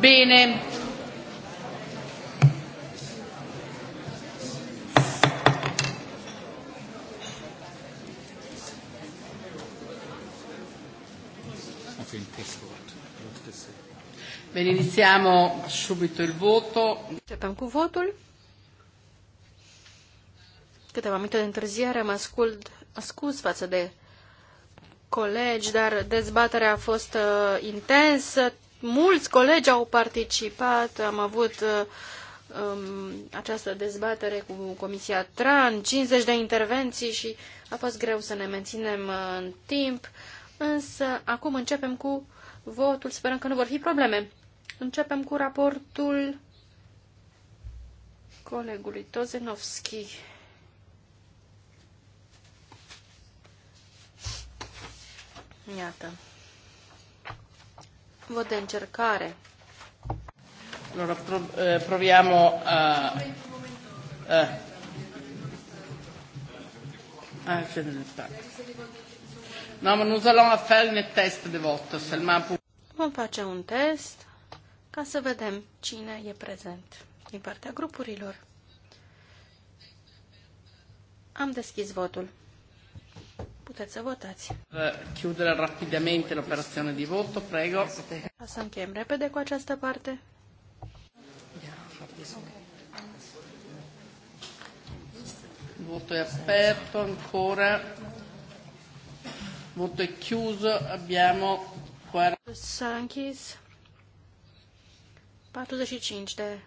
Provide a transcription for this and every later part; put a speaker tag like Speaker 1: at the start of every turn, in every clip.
Speaker 1: Bine. Bene, iniziamo subito il voto. Începem cu votul.
Speaker 2: Câteva minute de întârziere mă ascult, ascuz față de colegi, dar dezbaterea a fost uh, intensă, mulți colegi au participat, am avut uh, um, această dezbatere cu Comisia TRAN, 50 de intervenții și a fost greu să ne menținem uh, în timp, însă acum începem cu votul, sperăm că nu vor fi probleme. Începem cu raportul colegului Tozenovski. Iată. Văd de încercare.
Speaker 1: Allora pro, eh, proviamo a... Eh. Ah, c'è dell'attacco. No, ma non allons a fare un test de voto, mapu... Vom face un
Speaker 2: test ca să vedem cine e prezent din partea grupurilor. Am deschis votul. Puteți să votați.
Speaker 1: Eh, chiudere rapidamente l'operazione di voto, prego. O
Speaker 2: să încheiem repede cu această parte.
Speaker 1: Il voto è aperto ancora. Voto è chiuso, abbiamo S-a închis
Speaker 2: 45 de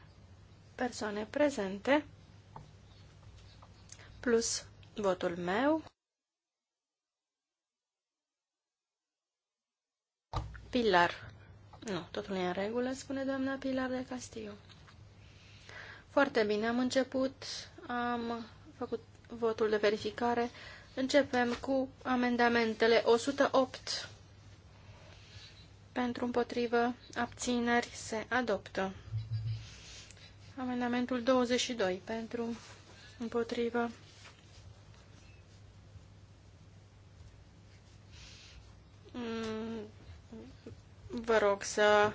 Speaker 2: persoane prezente plus votul meu. Pilar. Nu, totul e în regulă, spune doamna Pilar de Castillo. Foarte bine, am început, am făcut votul de verificare. Începem cu amendamentele 108. Pentru împotrivă, abțineri se adoptă. Amendamentul 22. Pentru împotrivă, Vă rog să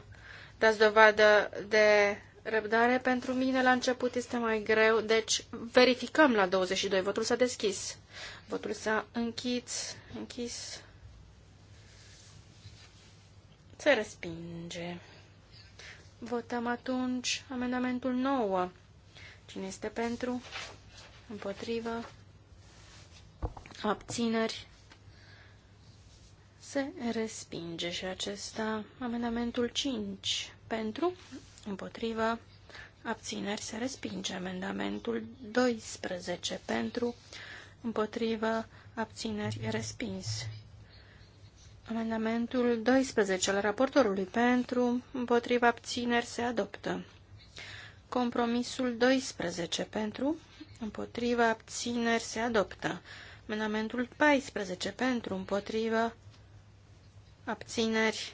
Speaker 2: dați dovadă de răbdare. Pentru mine la început este mai greu, deci verificăm la 22. Votul s-a deschis. Votul s-a închis. Închis. Se respinge. Votăm atunci amendamentul 9. Cine este pentru? Împotrivă? Abțineri? Se respinge și acesta. Amendamentul 5 pentru, împotrivă, abțineri. Se respinge amendamentul 12 pentru, împotrivă, abțineri. Respins. Amendamentul 12 al raportorului pentru, împotriva abțineri se adoptă. Compromisul 12 pentru, împotriva abțineri se adoptă. Amendamentul 14 pentru, împotriva abțineri,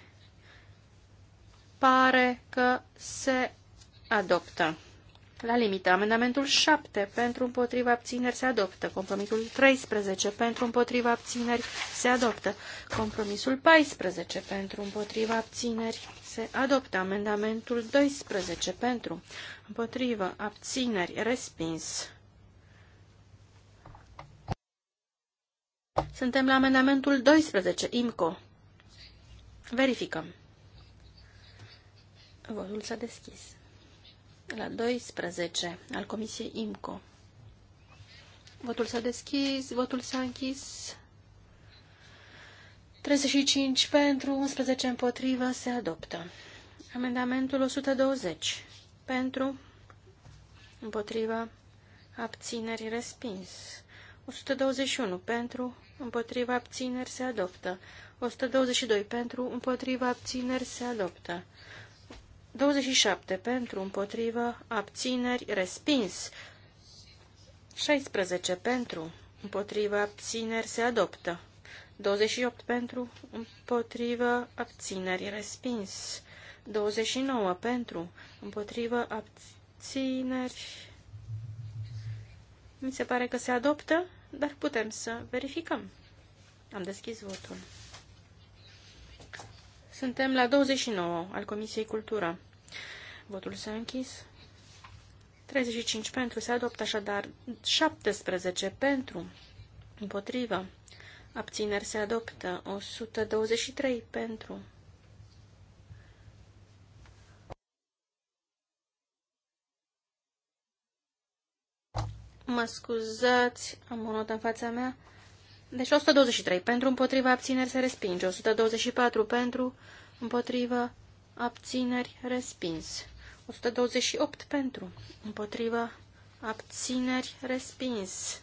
Speaker 2: pare că se adoptă. La limită, amendamentul 7 pentru împotriva abțineri se adoptă. Compromisul 13 pentru împotriva abțineri se adoptă. Compromisul 14 pentru împotriva abțineri se adoptă. Amendamentul 12 pentru împotriva abțineri respins. Suntem la amendamentul 12, IMCO. Verificăm. Votul s-a deschis. La 12 al Comisiei IMCO. Votul s-a deschis, votul s-a închis. 35 pentru, 11 împotrivă, se adoptă. Amendamentul 120. Pentru, împotrivă, abțineri, respins. 121. Pentru, împotrivă, abțineri, se adoptă. 122 pentru, împotriva, abțineri se adoptă. 27 pentru, împotriva, abțineri, respins. 16 pentru, împotriva, abțineri se adoptă. 28 pentru, împotriva, abțineri, respins. 29 pentru, împotriva, abțineri. Mi se pare că se adoptă, dar putem să verificăm. Am deschis votul. Suntem la 29 al Comisiei Cultură. Votul s-a închis. 35 pentru, se adoptă așadar 17 pentru, împotrivă, abțineri se adoptă 123 pentru. Mă scuzați, am o notă în fața mea. Deci 123 pentru, împotriva, abțineri se respinge. 124 pentru, împotriva, abțineri respins. 128 pentru, împotriva, abțineri respins.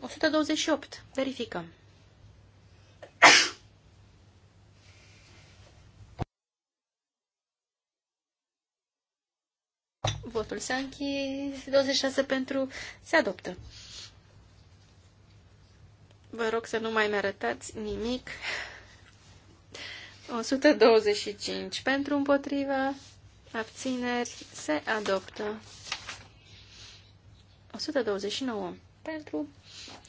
Speaker 2: 128. Verificăm. Votul s-a închis. 26 pentru. Se adoptă. Vă rog să nu mai mi-arătați nimic. 125 pentru împotriva. Abțineri. Se adoptă. 129 pentru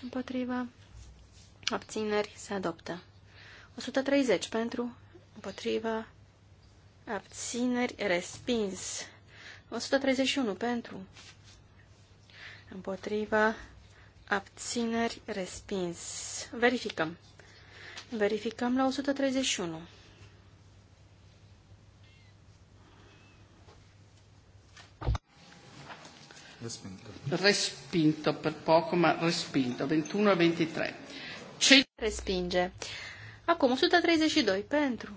Speaker 2: împotriva. Abțineri. Se adoptă. 130 pentru împotriva. Abțineri. Respins. 131 pentru. Împotriva abțineri respins. Verificăm. Verificăm la 131.
Speaker 1: Respinto. per poco, ma respinto. 21 23.
Speaker 2: Ce... Respinge. Acum 132 pentru.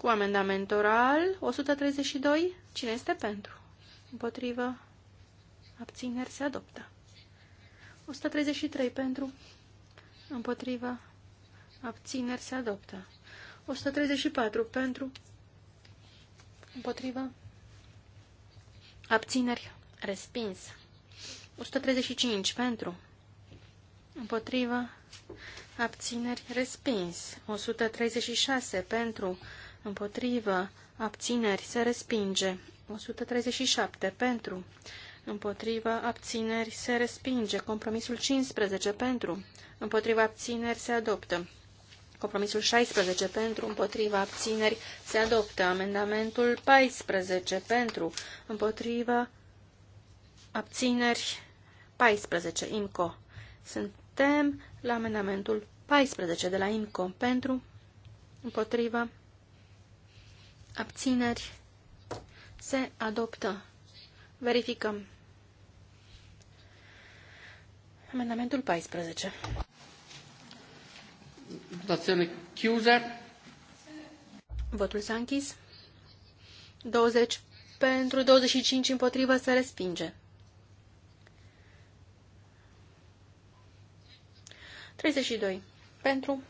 Speaker 2: Cu amendament oral 132. Cine este pentru? Împotrivă. Abțineri se adoptă. 133 pentru. Împotrivă. Abțineri se adoptă. 134 pentru. Împotrivă. Abțineri. Respins. 135 pentru. Împotrivă. Abțineri. Respins. 136 pentru împotrivă, abțineri, se respinge. 137 pentru, împotrivă, abțineri, se respinge. Compromisul 15 pentru, împotrivă, abțineri, se adoptă. Compromisul 16 pentru, Împotrivă, abțineri, se adoptă. Amendamentul 14 pentru, Împotrivă, abțineri, 14, IMCO. Suntem la amendamentul 14 de la IMCO pentru, Împotrivă abțineri, se adoptă. Verificăm. Amendamentul 14.
Speaker 1: Votazione chiusa.
Speaker 2: Votul s-a închis. 20 pentru, 25 împotrivă, se respinge. 32 pentru,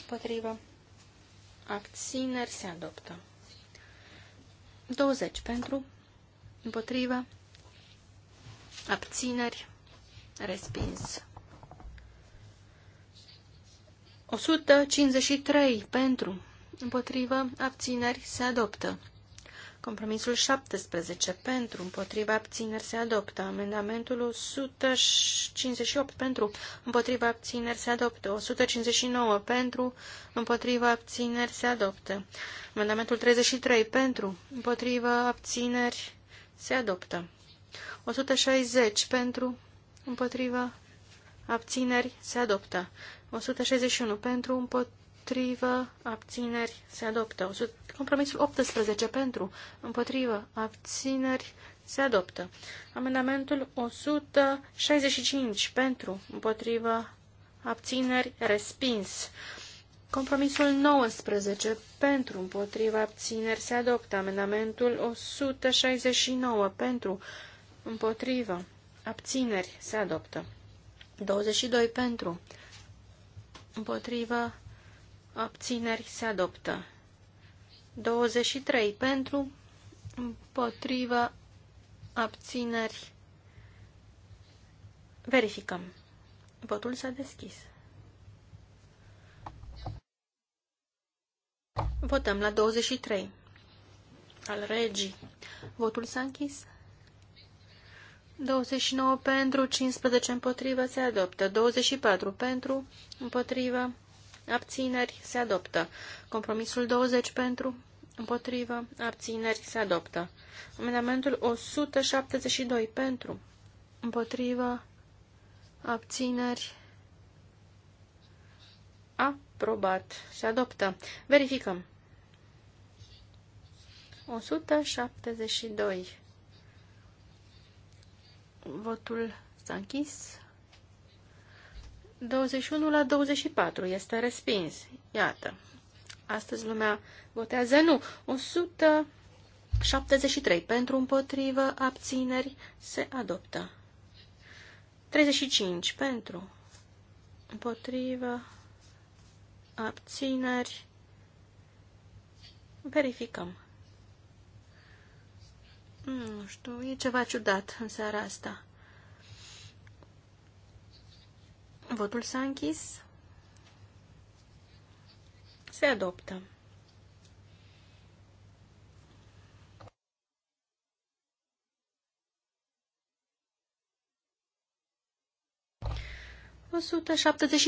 Speaker 2: împotrivă, abțineri, se adoptă. 20 pentru, împotriva, abțineri, respins. 153 pentru, împotrivă, abțineri, se adoptă. Compromisul 17 pentru, împotriva abțineri se adoptă. Amendamentul 158 pentru, împotriva abțineri se adoptă. 159 pentru, împotriva abțineri se adoptă. Amendamentul 33 pentru, împotriva abțineri se adoptă. 160 pentru, împotriva abțineri se adoptă. 161 pentru, împotriva împotrivă, abțineri, se adoptă. Compromisul 18 pentru, împotrivă, abțineri, se adoptă. Amendamentul 165 pentru, împotrivă, abțineri, respins. Compromisul 19 pentru, împotrivă, abțineri, se adoptă. Amendamentul 169 pentru, împotrivă, abțineri, se adoptă. 22 pentru, împotrivă, abțineri se adoptă. 23 pentru, împotrivă, abțineri. Verificăm. Votul s-a deschis. Votăm la 23. Al regii. Votul s-a închis. 29 pentru, 15 împotrivă, se adoptă. 24 pentru, împotrivă, abțineri, se adoptă. Compromisul 20 pentru, împotrivă, abțineri, se adoptă. Amendamentul 172 pentru, împotrivă, abțineri, aprobat, se adoptă. Verificăm. 172. Votul s-a închis. 21 la 24 este respins. Iată. Astăzi lumea votează nu. 173 pentru împotrivă, abțineri se adoptă. 35 pentru împotrivă, abțineri. Verificăm. Hmm, nu știu, e ceva ciudat în seara asta. Votul s-a închis. Se adoptă.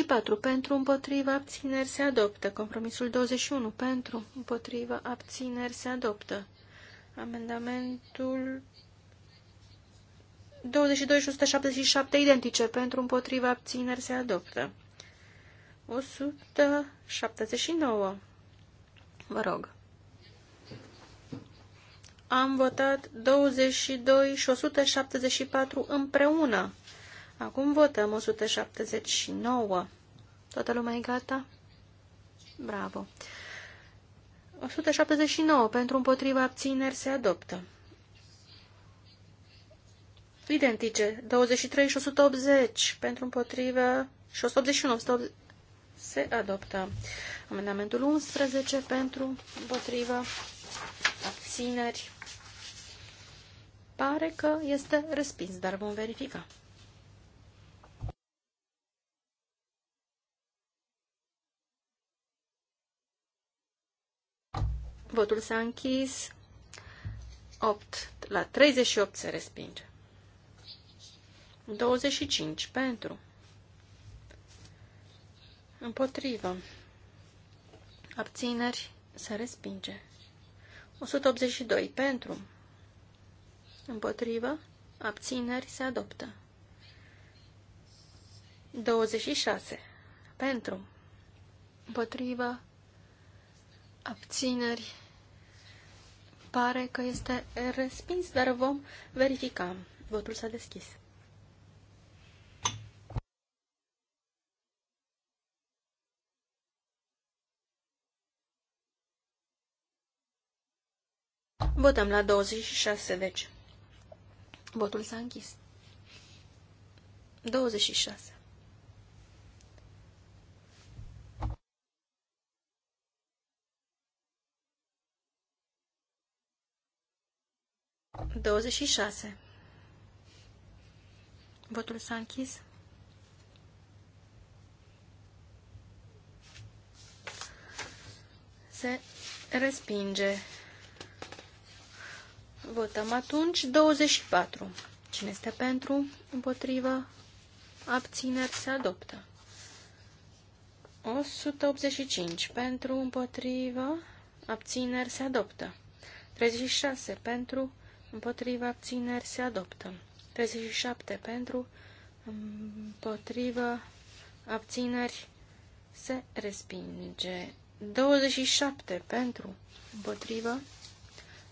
Speaker 2: patru Pentru împotriva abțineri se adoptă. Compromisul 21. Pentru împotriva abțineri se adoptă. Amendamentul 22 identice pentru împotriva abțineri se adoptă. 179. Vă rog. Am votat 22 și 174 împreună. Acum votăm 179. Toată lumea e gata? Bravo. 179 pentru împotriva abțineri se adoptă identice, 23 și 180 pentru împotrivă și 181 180, se adoptă. Amendamentul 11 pentru împotrivă abțineri. Pare că este respins, dar vom verifica. Votul s-a închis. 8 la 38 se respinge. 25 pentru. Împotrivă. Abțineri se respinge. 182 pentru. Împotrivă. Abțineri se adoptă. 26 pentru. Împotrivă. Abțineri. Pare că este respins, dar vom verifica. Votul s-a deschis. Votăm la 26, deci. Votul s-a închis. 26. Douăzeci și șase. Votul s-a închis. Se respinge. Votăm atunci 24. Cine este pentru? Împotrivă? Abțineri se adoptă. 185. Pentru, împotrivă, abțineri se adoptă. 36. Pentru, împotrivă, abțineri se adoptă. 37. Pentru, împotrivă, abțineri se respinge. 27. Pentru, împotrivă,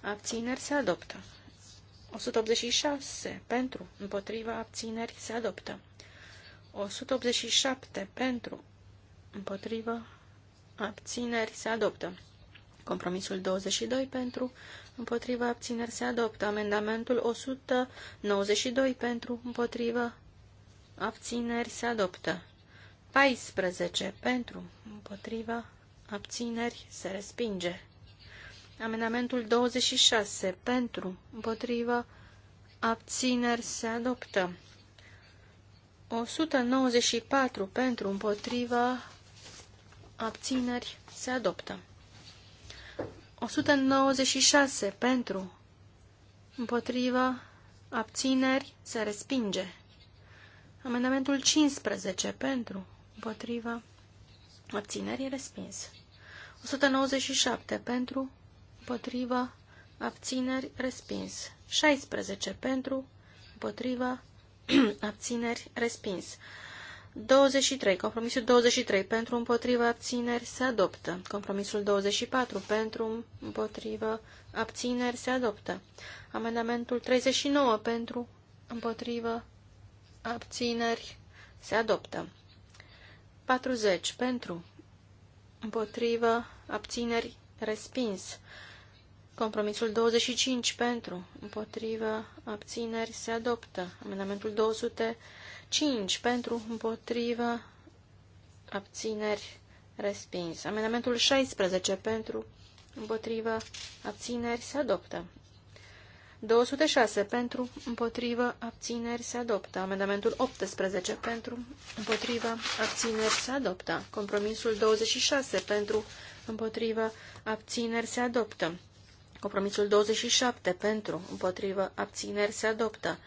Speaker 2: abțineri se adoptă. 186 pentru, împotriva abțineri se adoptă. 187 pentru, împotriva abțineri se adoptă. Compromisul 22 pentru, împotriva abțineri se adoptă. Amendamentul 192 pentru, împotriva abțineri se adoptă. 14 pentru, împotriva abțineri se respinge. Amendamentul 26. Pentru, împotrivă, abțineri se adoptă. 194. Pentru, împotrivă, abțineri se adoptă. 196. Pentru, împotrivă, abțineri se respinge. Amendamentul 15. Pentru, împotrivă, abțineri respins. 197. Pentru, împotrivă, abțineri, respins. 16 pentru, împotrivă, abțineri, respins. 23. Compromisul 23. Pentru împotriva abțineri se adoptă. Compromisul 24. Pentru împotriva abțineri se adoptă. Amendamentul 39. Pentru împotriva abțineri se adoptă. 40. Pentru împotriva abțineri respins. Compromisul 25 pentru, împotrivă, abțineri, se adoptă. Amendamentul 205 pentru, împotrivă, abțineri, respins. Amendamentul 16 pentru, împotrivă, abțineri, se adoptă. 206 pentru, împotrivă, abțineri, se adoptă. Amendamentul 18 pentru, împotrivă, abțineri, se adoptă. Compromisul 26 pentru, împotrivă, abțineri, se adoptă. Compromisul 27 pentru, împotrivă, abțineri se adoptă.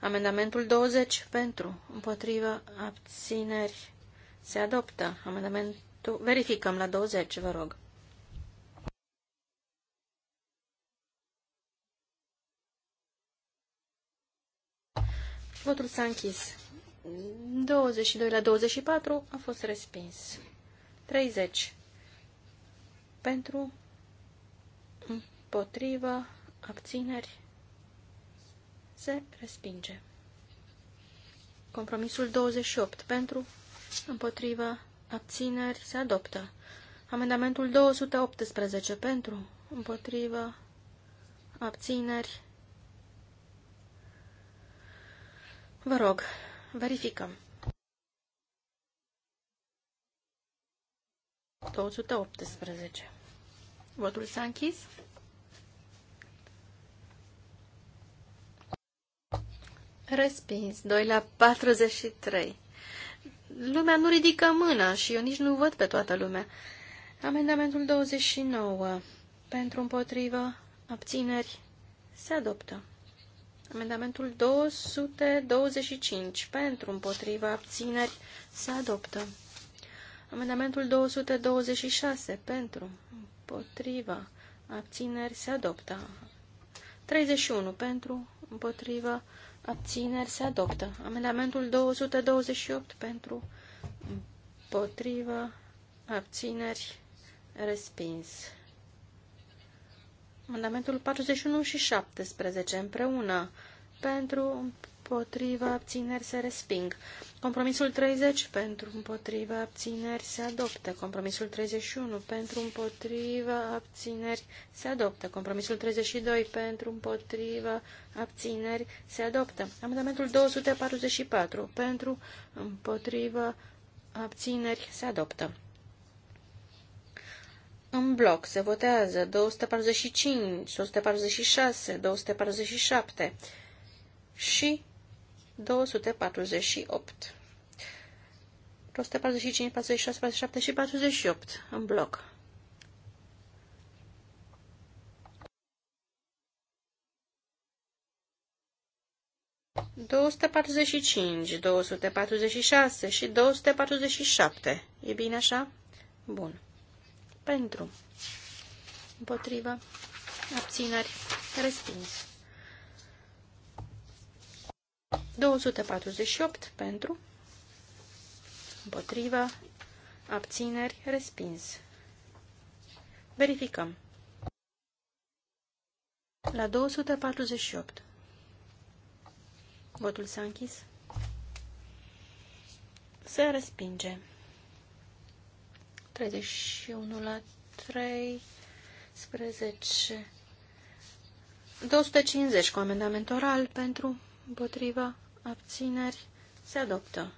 Speaker 2: Amendamentul 20 pentru, împotrivă, abțineri se adoptă. Amendamentul... Verificăm la 20, vă rog. Votul s-a închis. 22 la 24 a fost respins. 30 pentru, împotrivă, abțineri, se respinge. Compromisul 28 pentru, împotrivă, abțineri, se adoptă. Amendamentul 218 pentru, împotrivă, abțineri. Vă rog, verificăm. 218. Votul s-a închis. Respins. 2 la 43. Lumea nu ridică mâna și eu nici nu văd pe toată lumea. Amendamentul 29. Pentru împotrivă, abțineri, se adoptă. Amendamentul 225. Pentru împotrivă, abțineri, se adoptă. Amendamentul 226. Pentru împotrivă, abțineri, se adoptă. 31. Pentru împotrivă, abțineri se adoptă. Amendamentul 228 pentru potrivă abțineri, respins. Amendamentul 41 și 17 împreună pentru potrivă abțineri se resping. Compromisul 30 pentru împotriva abțineri se adoptă. Compromisul 31 pentru împotriva abțineri se adoptă. Compromisul 32 pentru împotriva abțineri se adoptă. Amendamentul 244 pentru împotriva abțineri se adoptă. În bloc se votează 245, 246, 247 și 248. 145, 46, 47 și 48 în bloc. ...245, 246 și 247. E bine așa? Bun. Pentru. Împotriva. Abținări. Respins. opt. pentru împotrivă, abțineri, respins. Verificăm. La 248. Votul s-a închis. Se respinge. 31 la 13. 250 cu amendament oral pentru împotriva abțineri se adoptă.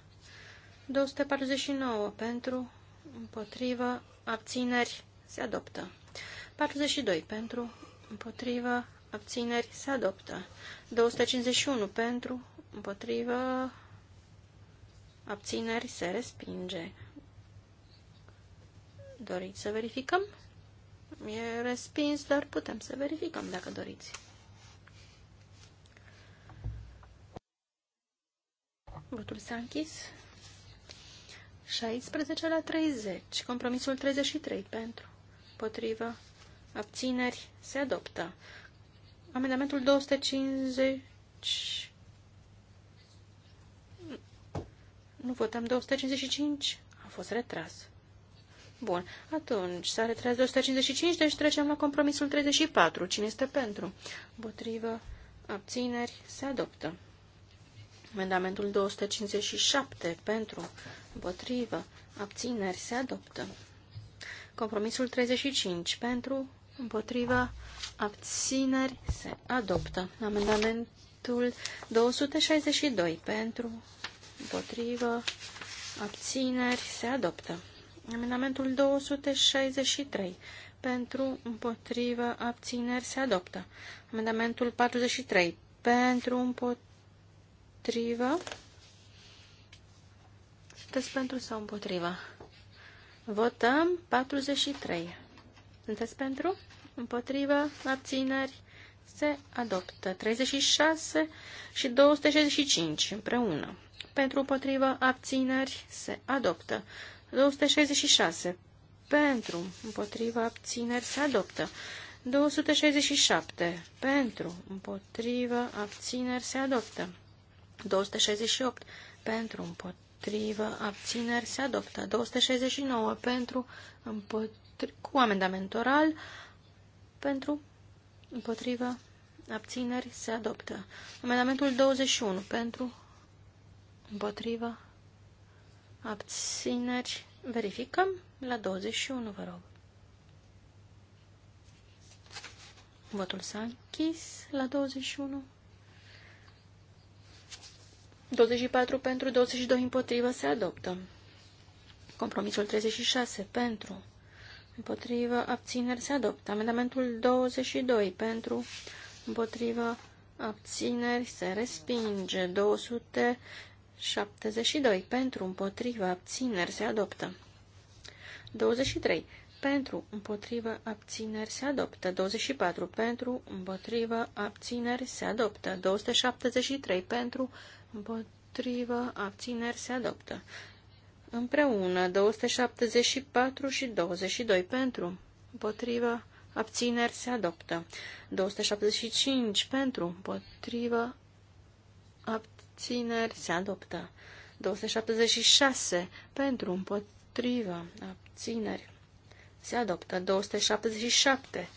Speaker 2: 249 pentru, împotrivă, abțineri, se adoptă. 42 pentru, împotrivă, abțineri, se adoptă. 251 pentru, împotrivă, abțineri, se respinge. Doriți să verificăm? E respins, dar putem să verificăm dacă doriți. Votul s-a închis. 16 la 30. Compromisul 33 pentru. Potrivă. Abțineri. Se adoptă. Amendamentul 250. Nu votăm 255. A fost retras. Bun. Atunci s-a retras 255, deci trecem la compromisul 34. Cine este pentru? Potrivă. Abțineri. Se adoptă. Amendamentul 257 pentru, împotrivă, abțineri se adoptă. Compromisul 35 pentru, împotrivă, abțineri se adoptă. Amendamentul 262 pentru, împotrivă, abțineri se adoptă. Amendamentul 263 pentru, împotrivă, abțineri se adoptă. Amendamentul 43 pentru, împotrivă, împotrivă. Sunteți pentru sau împotrivă? Votăm 43. Sunteți pentru? Împotrivă? Abțineri? Se adoptă. 36 și 265 împreună. Pentru împotrivă? Abțineri? Se adoptă. 266. Pentru împotrivă? Abțineri? Se adoptă. 267. Pentru împotrivă? Abțineri? Se adoptă. 268 pentru împotrivă, abțineri se adoptă. 269 pentru împotrivă, cu amendament oral pentru împotrivă, abțineri se adoptă. Amendamentul 21 pentru împotrivă, abțineri verificăm la 21, vă rog. Votul s-a închis la 21. 24 pentru, 22 împotrivă se adoptă. Compromisul 36 pentru, împotrivă, abțineri se adoptă. Amendamentul 22 pentru, împotrivă, abțineri se respinge. 272 pentru, împotrivă, abțineri se adoptă. 23 pentru, împotrivă, abțineri se adoptă. 24 pentru, împotrivă, abțineri se adoptă. 273 pentru, împotriva abțineri se adoptă. Împreună 274 și 22 pentru, împotriva abțineri se adoptă. 275 pentru, împotriva abțineri se adoptă. 276 pentru, împotriva abțineri se adoptă. 277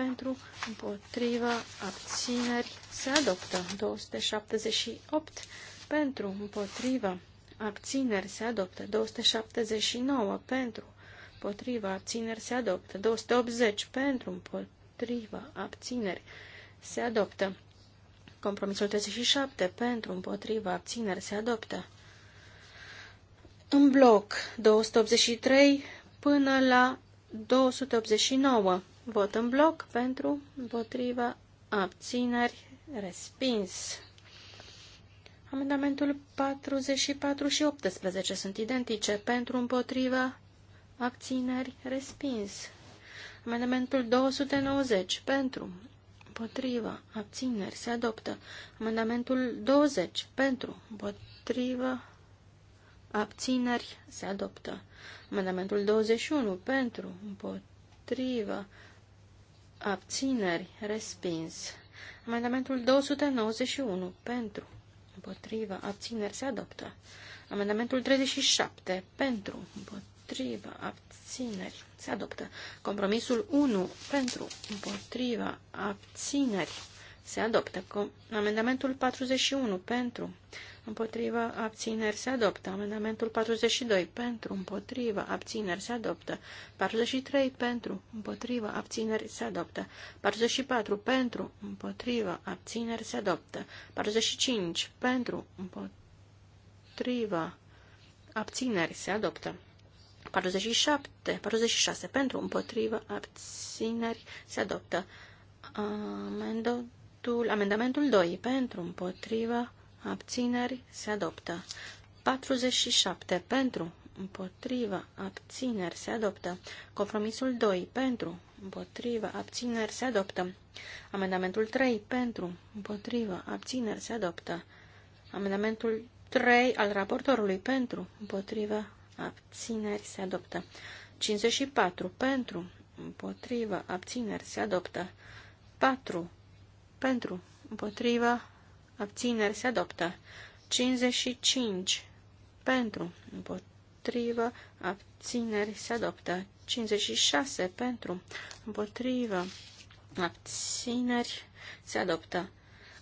Speaker 2: pentru, împotriva, abțineri, se adoptă. 278 pentru, împotriva, abțineri, se adoptă. 279 pentru, împotriva, abțineri, se adoptă. 280 pentru, împotriva, abțineri, se adoptă. Compromisul 37 pentru, împotriva, abțineri, se adoptă. În bloc 283 până la 289 Vot în bloc pentru, împotriva, abțineri, respins. Amendamentul 44 și 18 sunt identice. Pentru, împotriva, abțineri, respins. Amendamentul 290 pentru, împotriva, abțineri, se adoptă. Amendamentul 20 pentru, împotriva, abțineri, se adoptă. Amendamentul 21 pentru, împotriva, abțineri, respins. Amendamentul 291 pentru, împotrivă, abțineri, se adoptă. Amendamentul 37 pentru, împotrivă, abțineri, se adoptă. Compromisul 1 pentru, împotrivă, abțineri, se adoptă. Com amendamentul 41 pentru, împotrivă, abțineri se adoptă. Amendamentul 42 pentru, împotrivă, abțineri se adoptă. 43 pentru, împotrivă, abțineri se adoptă. 44 pentru, împotrivă, abțineri se adoptă. 45 pentru, împotrivă, abțineri se adoptă. 47, 46 pentru, împotrivă, abțineri se adoptă. Amendamentul, amendamentul 2 pentru, împotrivă, abțineri, se adoptă. 47 pentru, împotriva, abțineri, se adoptă. Compromisul 2 pentru, împotriva, abțineri, se adoptă. Amendamentul 3 pentru, împotriva, abțineri, se adoptă. Amendamentul 3 al raportorului pentru, împotriva, abțineri, se adoptă. 54 pentru, împotriva, abțineri, se adoptă. 4 pentru, împotriva, abțineri se adoptă. 55 pentru, împotrivă, abțineri se adoptă. 56 pentru, împotrivă, abțineri se adoptă.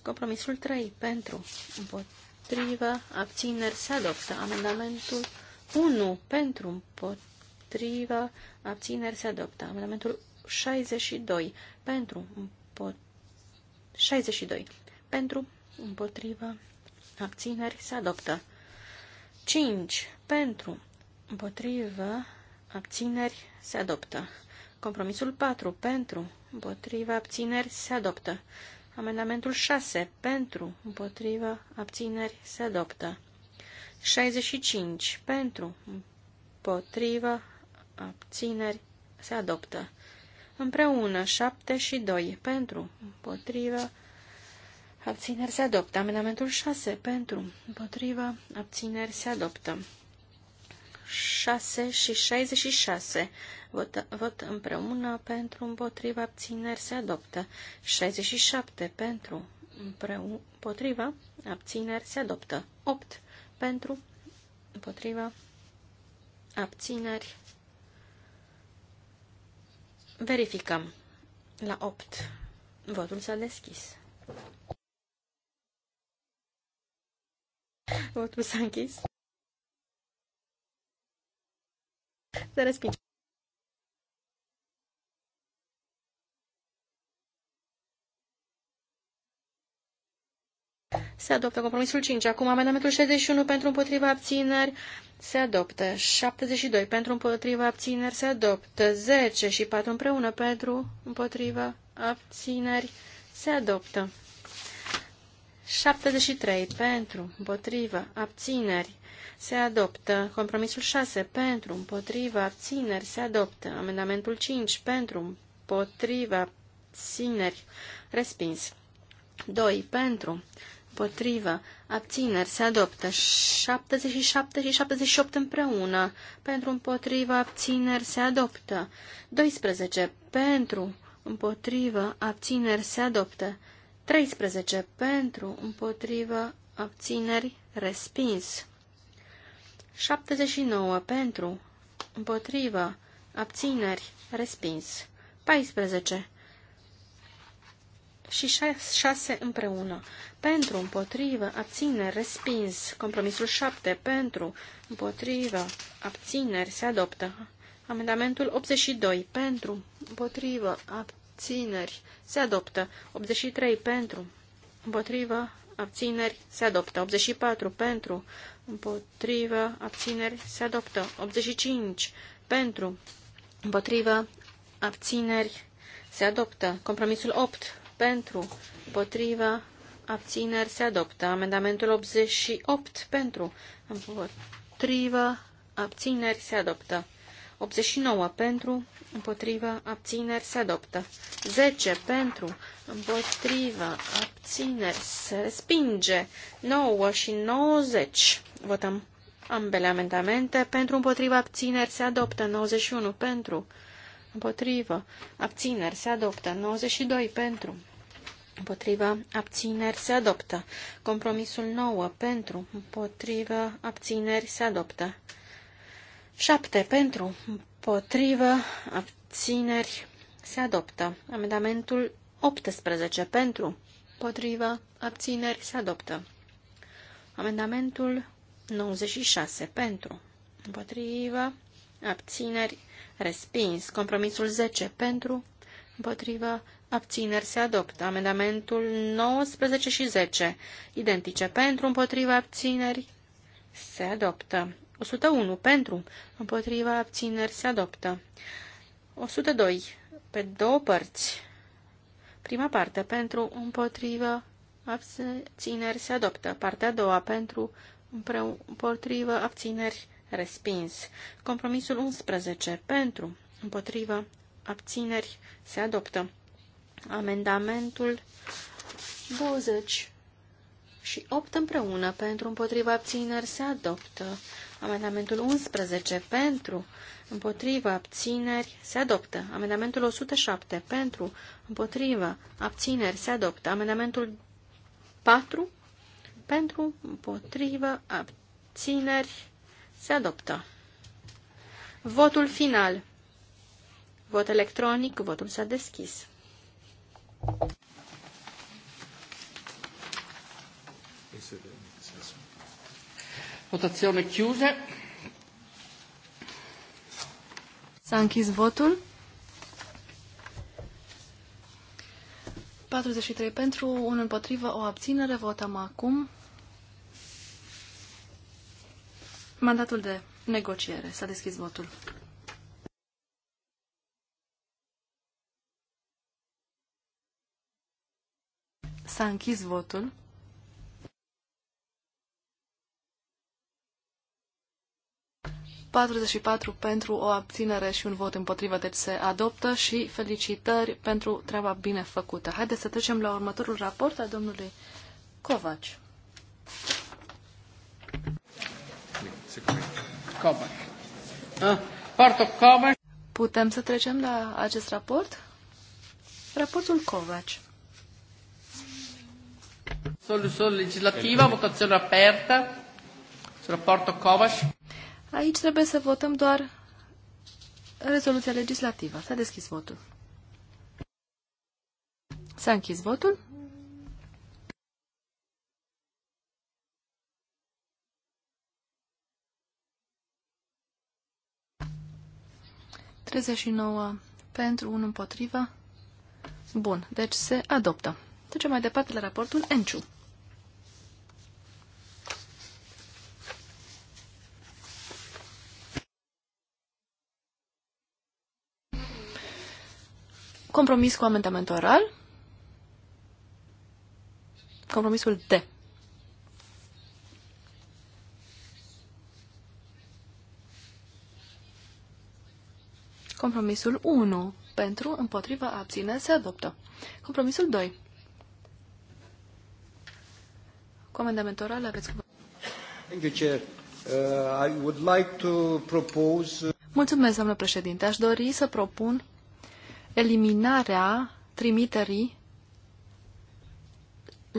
Speaker 2: Compromisul 3 pentru, împotrivă, abțineri se adoptă. Amendamentul 1 pentru, împotrivă, abțineri se adoptă. Amendamentul 62 pentru, împotrivă, 62 pentru, împotrivă, abțineri, se adoptă. 5. Pentru, împotrivă, abțineri, se adoptă. Compromisul 4. Pentru, împotrivă, abțineri, se adoptă. Amendamentul 6. Pentru, împotrivă, abțineri, se adoptă. 65. Pentru, împotrivă, abțineri, se adoptă. Împreună, 7 și 2. Pentru, împotrivă, Abțineri se adoptă. Amendamentul 6 pentru. Împotrivă. Abțineri se adoptă. 6 și 66. Vot, vot împreună pentru împotriva abțineri se adoptă. 67 pentru împotriva abțineri se adoptă. 8 pentru împotriva abțineri. Verificăm. La 8. Votul s-a deschis. Votul s-a închis. Se respingem. Se adoptă compromisul 5. Acum amendamentul 61 pentru împotriva abțineri se adoptă. 72 pentru împotriva abțineri se adoptă. 10 și 4 împreună pentru împotriva abțineri se adoptă. 73 pentru, împotrivă, abțineri, se adoptă. Compromisul 6 pentru, împotrivă, abțineri, se adoptă. Amendamentul 5 pentru, împotrivă, abțineri, respins. 2 pentru, împotrivă, abțineri, se adoptă. 77 și 78 împreună, pentru, împotrivă, abțineri, se adoptă. 12 pentru, împotrivă, abțineri, se adoptă. 13 pentru, împotrivă, abțineri, respins. 79 pentru, împotrivă, abțineri, respins. 14 și 6 împreună. Pentru, împotrivă, abțineri, respins. Compromisul 7 pentru, împotrivă, abțineri, se adoptă. Amendamentul 82 pentru, împotrivă, abțineri abțineri, se adoptă. 83 pentru, împotrivă, abțineri, se adoptă. 84 pentru, împotrivă, abțineri, se adoptă. 85 pentru, împotrivă, abțineri, se adoptă. Compromisul 8 pentru, împotrivă, abțineri, se adoptă. Amendamentul 88 pentru, împotrivă, abțineri, se adoptă. 89 pentru, împotrivă, abțineri, se adoptă. 10 pentru, împotrivă, abțineri, se respinge. 9 și 90. Votăm ambele amendamente. Pentru, împotrivă, abțineri, se adoptă. 91 pentru, împotrivă, abțineri, se adoptă. 92 pentru, Împotriva abțineri se adoptă. Compromisul 9 pentru. Împotriva abțineri se adoptă. 7 pentru, împotrivă, abțineri, se adoptă. Amendamentul 18 pentru, împotrivă, abțineri, se adoptă. Amendamentul 96 pentru, împotrivă, abțineri, respins. Compromisul 10 pentru, împotrivă, abțineri, se adoptă. Amendamentul 19 și 10, identice pentru, împotrivă, abțineri, se adoptă. 101 pentru, împotriva abțineri se adoptă. 102 pe două părți. Prima parte pentru, împotriva abțineri se adoptă. Partea a doua pentru, împotriva abțineri respins. Compromisul 11 pentru, împotriva abțineri se adoptă. Amendamentul 20 și 8 împreună pentru împotriva abțineri se adoptă. Amendamentul 11 pentru, împotrivă, abțineri, se adoptă. Amendamentul 107 pentru, împotrivă, abțineri, se adoptă. Amendamentul 4 pentru, împotrivă, abțineri, se adoptă. Votul final. Vot electronic, votul s-a deschis.
Speaker 1: Votazione chiusa. Sanchis votul.
Speaker 3: 43 pentru, 1 împotrivă, o abținere. Votăm acum mandatul de negociere. S-a deschis votul. S-a închis votul. 44 pentru o abținere și un vot împotrivă, deci se adoptă și felicitări pentru treaba bine făcută. Haideți să trecem la următorul raport al domnului Covaci. Putem să trecem la acest raport? Raportul Covaci.
Speaker 1: Soluzione legislativă, votazione aperta. Sul rapporto Covaci.
Speaker 3: Aici trebuie să votăm doar rezoluția legislativă. S-a deschis votul. S-a închis votul. Treizeci și nouă pentru, 1 împotrivă. Bun, deci se adoptă. Trecem mai departe la raportul Enciu. Compromis cu amendament oral. Compromisul D. Compromisul 1. Pentru, împotriva, abține, se adoptă. Compromisul 2. amendamentul. oral, aveți
Speaker 2: Thank you, Chair. Uh,
Speaker 1: I would like to propose... Uh,
Speaker 3: Mulțumesc, doamnă președinte. Aș dori să propun eliminarea trimiterii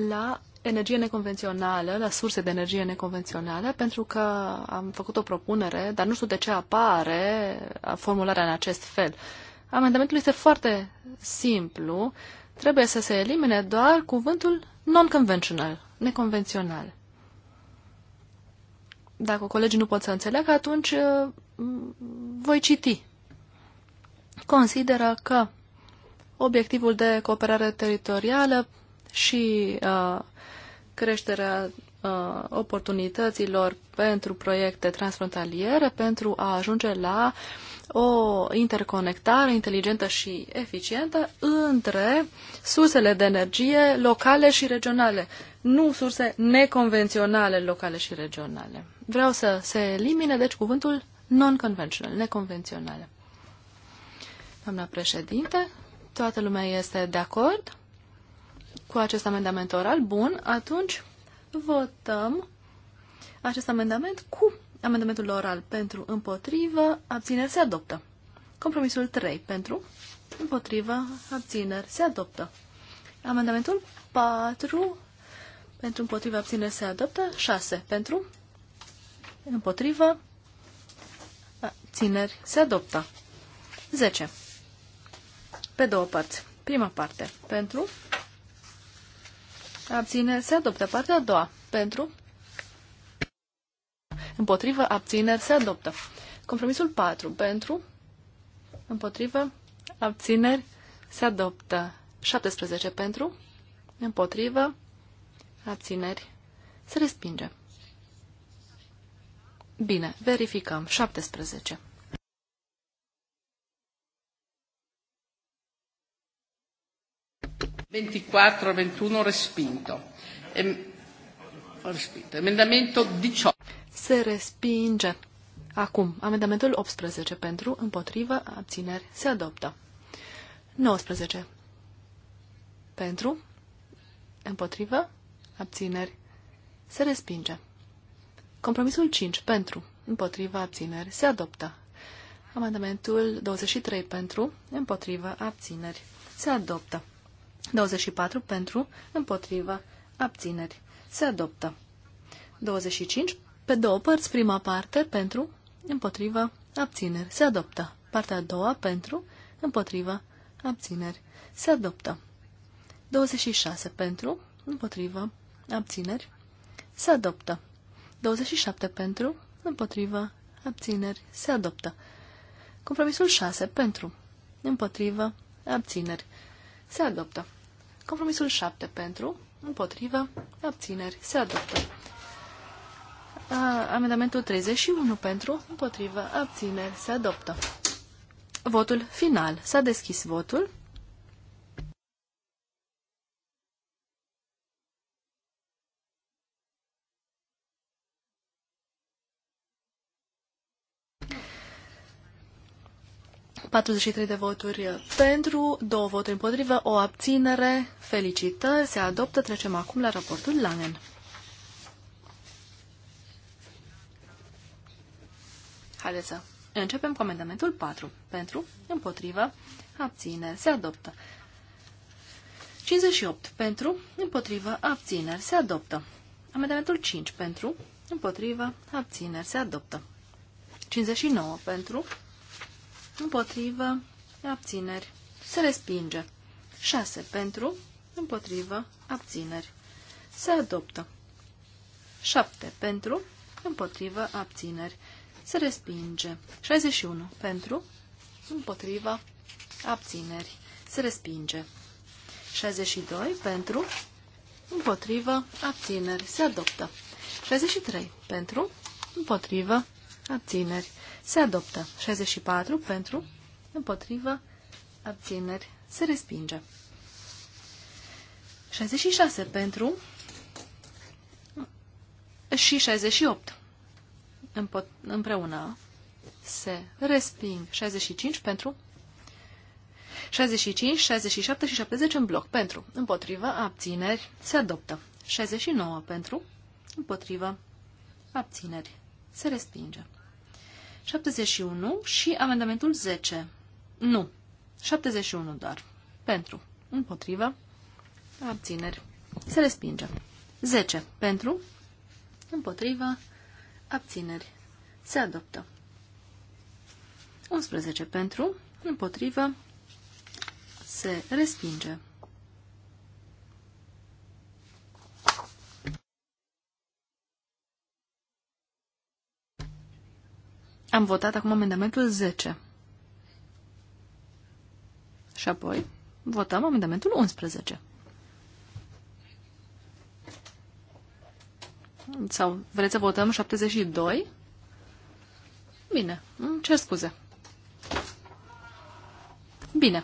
Speaker 3: la energie neconvențională, la surse de energie neconvențională, pentru că am făcut o propunere, dar nu știu de ce apare formularea în acest fel. Amendamentul este foarte simplu. Trebuie să se elimine doar cuvântul non-conventional, neconvențional. Dacă colegii nu pot să înțeleagă, atunci mm, voi citi consideră că obiectivul de cooperare teritorială și uh, creșterea uh, oportunităților pentru proiecte transfrontaliere pentru a ajunge la o interconectare inteligentă și eficientă între sursele de energie locale și regionale, nu surse neconvenționale locale și regionale. Vreau să se elimine, deci, cuvântul non-conventional, neconvenționale. Doamna președinte, toată lumea este de acord cu acest amendament oral? Bun, atunci votăm acest amendament cu amendamentul oral pentru împotrivă, abțineri se adoptă. Compromisul 3 pentru împotrivă, abțineri se adoptă. Amendamentul 4 pentru împotrivă, abțineri se adoptă. 6 pentru împotrivă, abțineri se adoptă. 10 pe două părți. Prima parte, pentru, abțineri, se adoptă. Partea a doua, pentru, împotrivă, abțineri, se adoptă. Compromisul 4, pentru, împotrivă, abțineri, se adoptă. 17 pentru, împotrivă, abțineri, se respinge. Bine, verificăm. 17.
Speaker 1: 24-21 respinto. E, respinto. Emendamento 18. Se respinge.
Speaker 3: Acum, amendamentul 18 pentru, împotrivă, abțineri, se adoptă. 19. Pentru, împotrivă, abțineri, se respinge. Compromisul 5. Pentru, împotrivă, abțineri, se adoptă. Amendamentul 23 pentru, împotrivă, abțineri, se adoptă. 24 pentru, împotrivă, abțineri. Se adoptă. 25 pe două părți, prima parte pentru, împotrivă, abțineri. Se adoptă. Partea a doua pentru, împotrivă, abțineri. Se adoptă. 26 pentru, împotrivă, abțineri. Se adoptă. 27 pentru, împotrivă, abțineri. Se adoptă. Compromisul 6 pentru, împotrivă, abțineri. Se adoptă. Compromisul 7 pentru, împotrivă, abțineri, se adoptă. A, amendamentul 31 pentru, împotrivă, abțineri, se adoptă. Votul final. S-a deschis votul. 43 de voturi pentru, două voturi împotrivă, o abținere. Felicitări, se adoptă. Trecem acum la raportul Langen. Haideți să începem cu amendamentul 4. Pentru, împotrivă, abținere, se adoptă. 58. Pentru, împotrivă, abțineri, se adoptă. Amendamentul 5. Pentru, împotrivă, abțineri, se adoptă. 59. Pentru, împotrivă, abțineri, se respinge. 6 pentru, împotrivă, abțineri, se adoptă. 7 pentru, împotrivă, abțineri, se respinge. 61 pentru, împotriva, abțineri, se respinge. 62 pentru, împotrivă, abțineri, se adoptă. 63 pentru, împotrivă, abțineri, se adoptă. 64 pentru, împotrivă, abțineri, se respinge. 66 pentru și 68 împreună se resping 65 pentru 65, 67 și 70 în bloc pentru împotrivă, abțineri, se adoptă. 69 pentru împotrivă, abțineri, se respinge. 71 și amendamentul 10. Nu. 71 doar. Pentru. Împotrivă. Abțineri. Se respinge. 10. Pentru. Împotrivă. Abțineri. Se adoptă. 11. Pentru. Împotrivă. Se respinge. Am votat acum amendamentul 10. Și apoi votăm amendamentul 11. Sau vreți să votăm 72? Bine, ce scuze. Bine.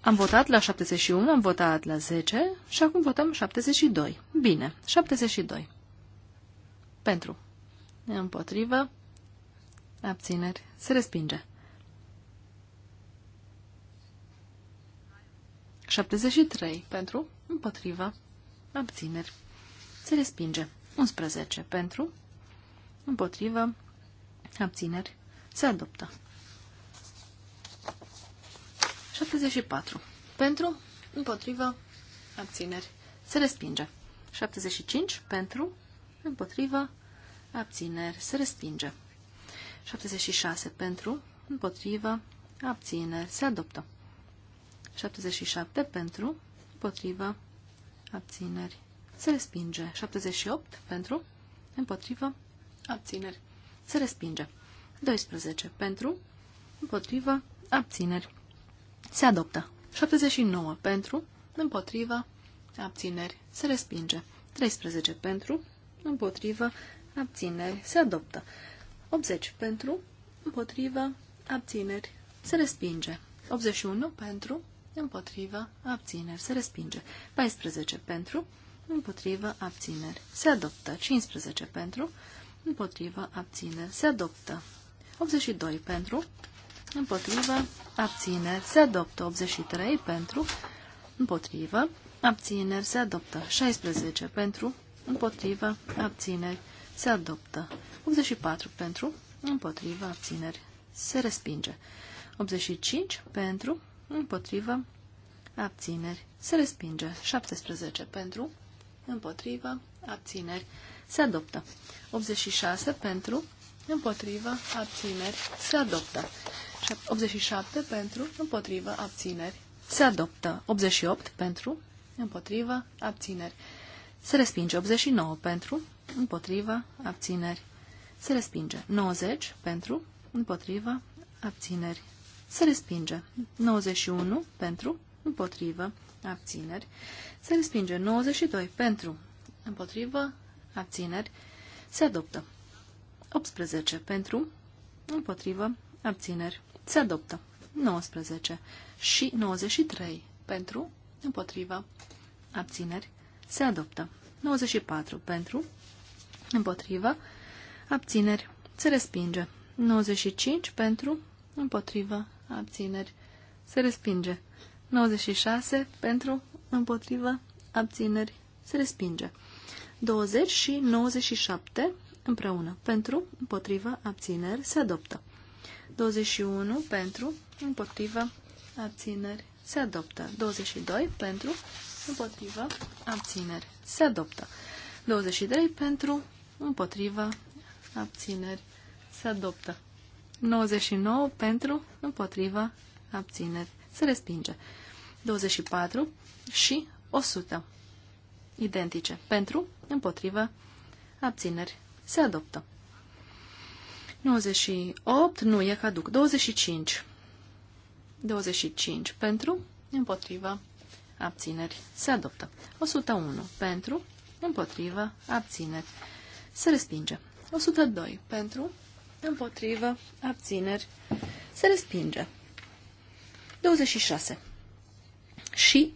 Speaker 3: Am votat la 71, am votat la 10 și acum votăm 72. Bine, 72. Pentru. Împotrivă abțineri, se respinge. 73 pentru, împotriva, abțineri, se respinge. 11 pentru, împotriva, abțineri, se adoptă. 74 pentru, împotriva, abțineri, se respinge. 75 pentru, împotriva, abțineri, se respinge. 76 pentru, împotrivă, abțineri, se adoptă. 77 pentru, împotrivă, abțineri, se respinge. 78 pentru, împotrivă, abțineri, se respinge. 12 pentru, împotrivă, abțineri, se adoptă. 79 pentru, împotrivă, abțineri, se respinge. 13 pentru, împotrivă, abțineri, se adoptă. 80 pentru, împotrivă, abțineri, se respinge. 81 pentru, împotrivă, abțineri, se respinge. 14 pentru, împotrivă, abțineri, se adoptă. 15 pentru, împotrivă, abțineri, se adoptă. 82 pentru, împotrivă, abțineri, se adoptă. 83 pentru, împotrivă, abțineri, se adoptă. 16 pentru, împotrivă, abțineri, se adoptă. 84 pentru, împotriva, abțineri, se respinge. 85 pentru, împotriva, abțineri, se respinge. 17 pentru, împotriva, abțineri, se adoptă. 86 pentru, împotriva, abțineri, se adoptă. 87 pentru, împotriva, abțineri, se adoptă. 88 pentru, împotriva, abțineri. Se respinge 89 pentru, împotriva, abțineri. Se respinge. 90 pentru, împotriva, abțineri. Se respinge. 91 pentru, împotrivă, abțineri. Se respinge. 92 pentru, împotrivă, abțineri. Se adoptă. 18 pentru, împotrivă, abțineri. Se adoptă. 19 și 93 pentru, împotrivă, abțineri. Se adoptă. 94 pentru, împotrivă, abțineri Abțineri. Se respinge. 95 pentru, împotrivă, abțineri. Se respinge. 96 pentru, împotrivă, abțineri. Se respinge. 20 și 97 împreună. Pentru, împotrivă, abțineri. Se adoptă. 21 pentru, împotrivă, abțineri. Se adoptă. 22 pentru, împotrivă, abțineri. Se adoptă. 23 pentru, împotrivă, abțineri, se adoptă. 99 pentru, împotriva, abțineri, se respinge. 24 și 100. Identice. Pentru, împotriva, abțineri, se adoptă. 98, nu e caduc. 25. 25 pentru, împotriva, abțineri, se adoptă. 101 pentru, împotriva, abțineri, se respinge. 102 pentru, împotrivă, abțineri, se respinge. 26 și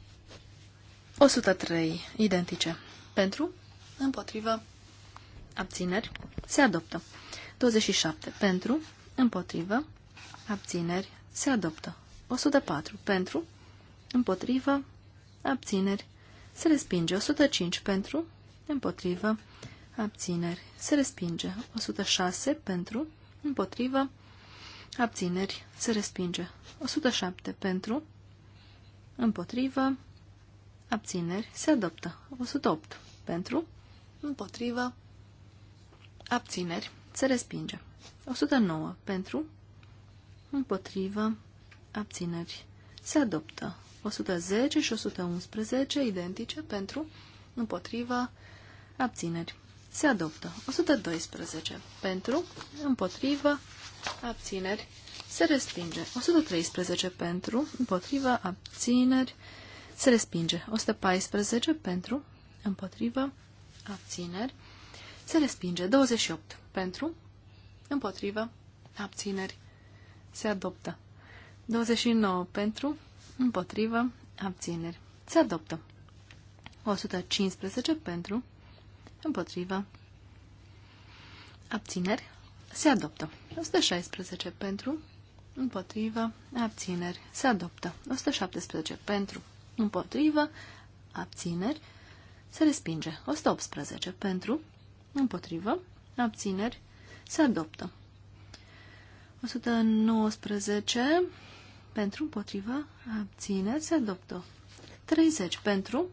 Speaker 3: 103 identice pentru, împotrivă, abțineri, se adoptă. 27 pentru, împotrivă, abțineri, se adoptă. 104 pentru, împotrivă, abțineri, se respinge. 105 pentru, împotrivă, abțineri, se respinge. 106 pentru, împotrivă, abțineri, se respinge. 107 pentru, împotrivă, abțineri, se adoptă. 108 pentru, împotrivă, abțineri, se respinge. 109 pentru, împotrivă, abțineri, se adoptă. 110 și 111 identice pentru, împotrivă, abțineri se adoptă. 112. Pentru, împotrivă, abțineri. Se respinge. 113 pentru, împotrivă, abțineri. Se respinge. 114 pentru, împotrivă, abțineri. Se respinge. 28 pentru, împotrivă, abțineri. Se adoptă. 29 pentru, împotrivă, abțineri. Se adoptă. 115 pentru, Împotrivă. Abțineri. Se adoptă. 116 pentru. Împotrivă. Abțineri. Se adoptă. 117 pentru. Împotrivă. Abțineri. Se respinge. 118 pentru. Împotrivă. Abțineri. Se adoptă. 119 pentru. Împotrivă. Abțineri. Se adoptă. 30 pentru.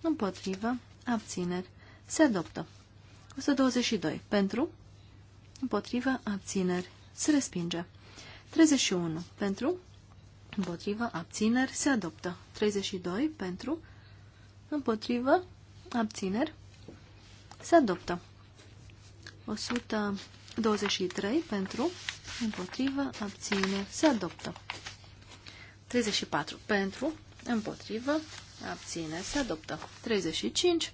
Speaker 3: Împotrivă. Abțineri. Se adoptă. 122. Pentru. Împotrivă. Abțineri. Se respinge. 31. Pentru. Împotrivă. Abțineri. Se adoptă. 32. Pentru. Împotrivă. Abțineri. Se adoptă. 123. Pentru. Împotrivă. Abțineri. Se adoptă. 34. Pentru. Împotrivă. Abțineri. Se adoptă. 35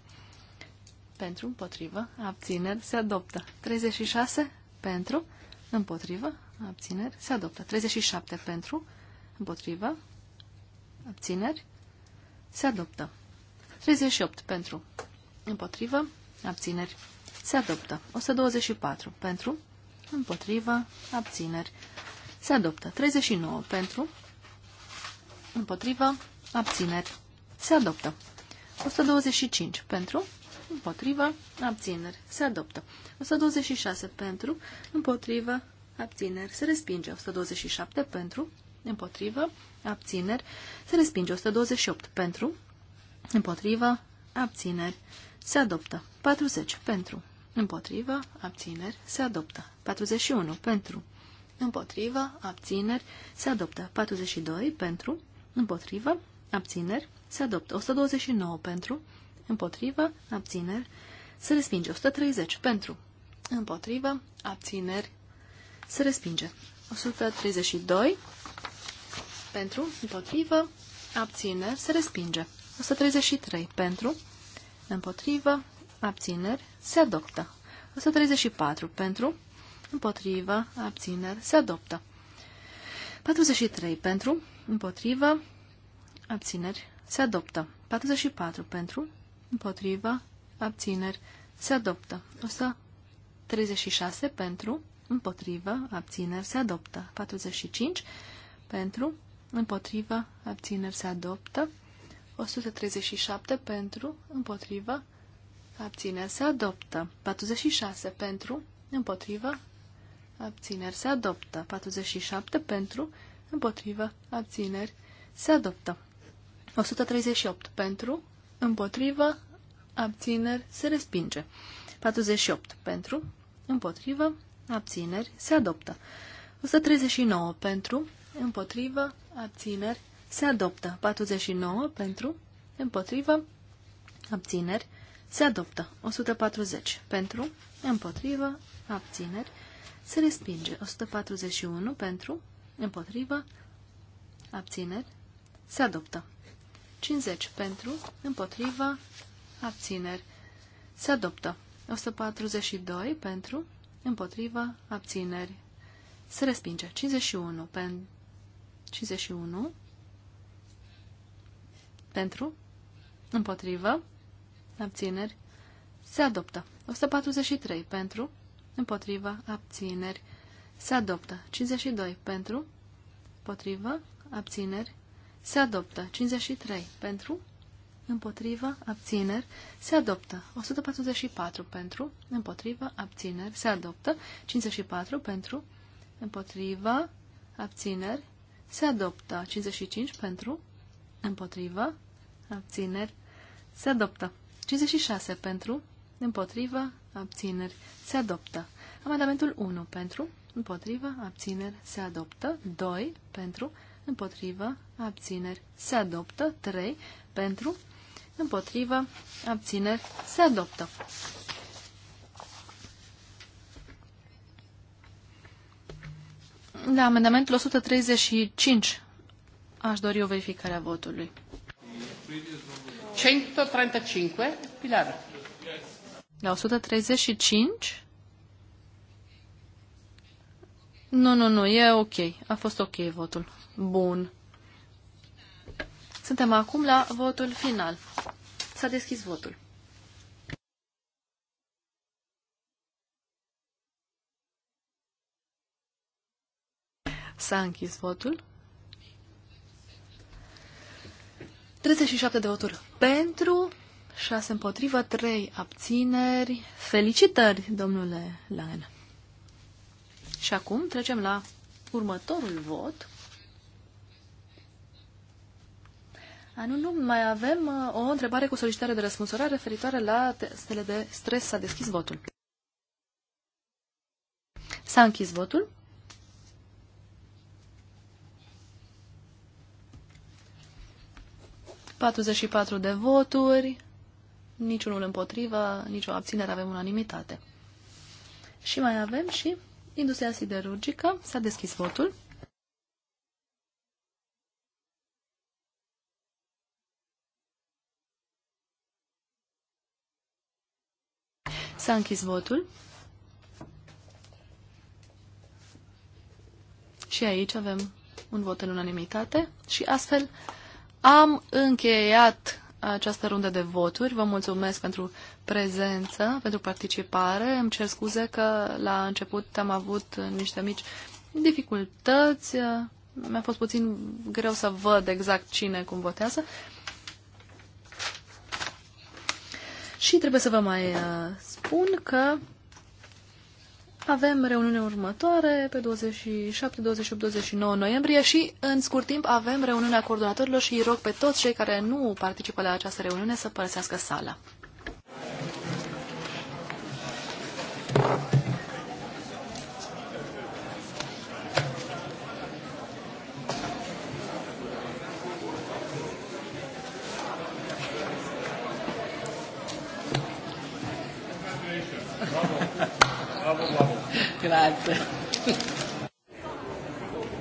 Speaker 3: pentru, împotrivă, abțineri, se adoptă. 36 pentru, împotrivă, abțineri, se adoptă. 37 pentru, împotrivă, abțineri, se adoptă. 38 pentru, împotrivă, abțineri, se adoptă. 124 pentru, împotrivă, abțineri, se adoptă. 39 pentru, împotrivă, abțineri, se adoptă. 125 pentru, împotrivă, abțineri, se adoptă. 126 pentru, împotrivă, abțineri, se respinge. 127 pentru, împotrivă, abțineri, se respinge. 128 pentru, împotrivă, abțineri, se adoptă. 40 pentru, împotrivă, abțineri, se adoptă. 41 pentru, împotrivă, abțineri, se adoptă. 42 pentru, împotrivă, abțineri, se adoptă. 129 pentru, împotrivă, abțineri, se respinge. 130 pentru, împotrivă, abțineri, se respinge. 132 pentru, împotrivă, abțineri, se respinge. 133 pentru, împotrivă, abțineri, se adoptă. 134 pentru, împotrivă, abțineri, se adoptă. 43 pentru, împotrivă, abțineri, se adoptă. 44 pentru, împotriva, abțineri, se adoptă. 136 pentru, împotriva, abțineri, se adoptă. 45 pentru, împotriva, abțineri, se adoptă. 137 pentru, împotriva, abțineri, se adoptă. 46 pentru, împotriva, abțineri, se adoptă. 47 pentru, împotriva, abțineri, se adoptă. 138 pentru, împotrivă, abțineri, se respinge. 48 pentru, împotrivă, abțineri, se adoptă. 139 pentru, împotrivă, abțineri, se adoptă. 49 pentru, împotrivă, abțineri, se adoptă. 140 pentru, împotrivă, abțineri, se respinge. 141 pentru, împotrivă, abțineri, se adoptă. 50 pentru, împotrivă, abțineri. Se adoptă. 142 pentru, împotrivă, abțineri. Se respinge. 51 pentru, 51 pentru, împotrivă, abțineri. Se adoptă. 143 pentru, împotriva, abțineri. Se adoptă. 52 pentru, împotrivă, abțineri se adoptă. 53 pentru, împotrivă, abțineri, se adoptă. 144 pentru, împotrivă, abțineri, se adoptă. 54 pentru, împotrivă, abțineri, se adoptă. 55 pentru, împotrivă, abțineri, se adoptă. 56 pentru, împotrivă, abțineri, se adoptă. Amendamentul 1 pentru, împotrivă, abțineri, se adoptă. 2 pentru, împotrivă, împotrivă, abțineri, se adoptă. 3 pentru, împotrivă, abțineri, se adoptă. La amendamentul 135
Speaker 1: aș dori o verificare a votului. 135, Pilar.
Speaker 3: La 135? Nu, nu, nu, e ok. A fost ok votul. Bun. Suntem acum la votul final. S-a deschis votul. S-a închis votul. 37 de voturi pentru, 6 împotrivă, 3 abțineri. Felicitări, domnule Langen. Și acum trecem la următorul vot. A, ah, nu, mai avem uh, o întrebare cu solicitare de răspunsură referitoare la testele de stres. S-a deschis votul. S-a închis votul. patru de voturi, niciunul împotriva, nicio abținere, avem unanimitate. Și mai avem și industria siderurgică. S-a deschis votul. S-a închis votul. Și aici avem un vot în unanimitate și astfel am încheiat această rundă de voturi. Vă mulțumesc pentru prezență, pentru participare. Îmi cer scuze că la început am avut niște mici dificultăți. Mi-a fost puțin greu să văd exact cine cum votează. Și trebuie să vă mai uh, spun că avem reuniune următoare pe 27, 28, 29 noiembrie și în scurt timp avem reuniunea coordonatorilor și îi rog pe toți cei care nu participă la această reuniune să părăsească sala.